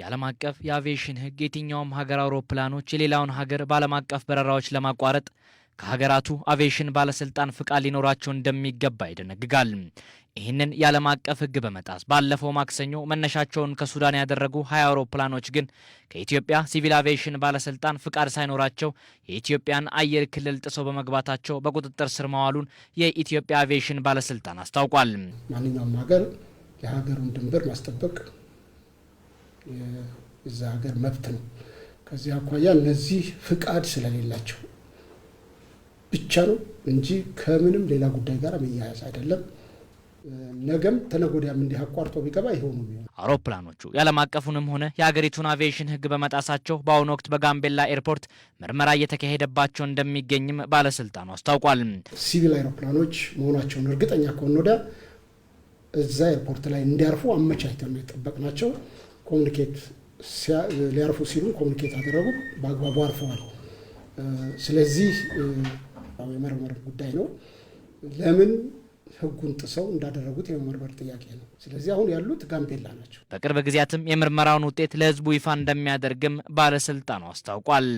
የዓለም አቀፍ የአቪዬሽን ሕግ የትኛውም ሀገር አውሮፕላኖች የሌላውን ሀገር በዓለም አቀፍ በረራዎች ለማቋረጥ ከሀገራቱ አቪዬሽን ባለስልጣን ፍቃድ ሊኖራቸው እንደሚገባ ይደነግጋል። ይህንን የዓለም አቀፍ ሕግ በመጣስ ባለፈው ማክሰኞ መነሻቸውን ከሱዳን ያደረጉ ሀያ አውሮፕላኖች ግን ከኢትዮጵያ ሲቪል አቪዬሽን ባለስልጣን ፍቃድ ሳይኖራቸው የኢትዮጵያን አየር ክልል ጥሰው በመግባታቸው በቁጥጥር ስር መዋሉን የኢትዮጵያ አቪዬሽን ባለስልጣን አስታውቋል። ማንኛውም ሀገር የሀገሩን ድንበር ማስጠበቅ የዛ ሀገር መብት ነው። ከዚህ አኳያ እነዚህ ፍቃድ ስለሌላቸው ብቻ ነው እንጂ ከምንም ሌላ ጉዳይ ጋር መያያዝ አይደለም። ነገም ተነጎዳያም እንዲህ አቋርጦ ቢገባ ይሆኑ አውሮፕላኖቹ የዓለም አቀፉንም ሆነ የሀገሪቱን አቪዬሽን ሕግ በመጣሳቸው በአሁኑ ወቅት በጋምቤላ ኤርፖርት ምርመራ እየተካሄደባቸው እንደሚገኝም ባለስልጣኑ አስታውቋል። ሲቪል አይሮፕላኖች መሆናቸውን እርግጠኛ ከሆን ወዲያ እዛ ኤርፖርት ላይ እንዲያርፉ አመቻችተን ነው የጠበቅናቸው። ኮሚኒኬት ሊያርፉ ሲሉ ኮሚኒኬት አደረጉ። በአግባቡ አርፈዋል። ስለዚህ የመርመር ጉዳይ ነው። ለምን ህጉን ጥሰው እንዳደረጉት የመመርመር ጥያቄ ነው። ስለዚህ አሁን ያሉት ጋምቤላ ናቸው። በቅርብ ጊዜያትም የምርመራውን ውጤት ለህዝቡ ይፋ እንደሚያደርግም ባለስልጣኑ አስታውቋል።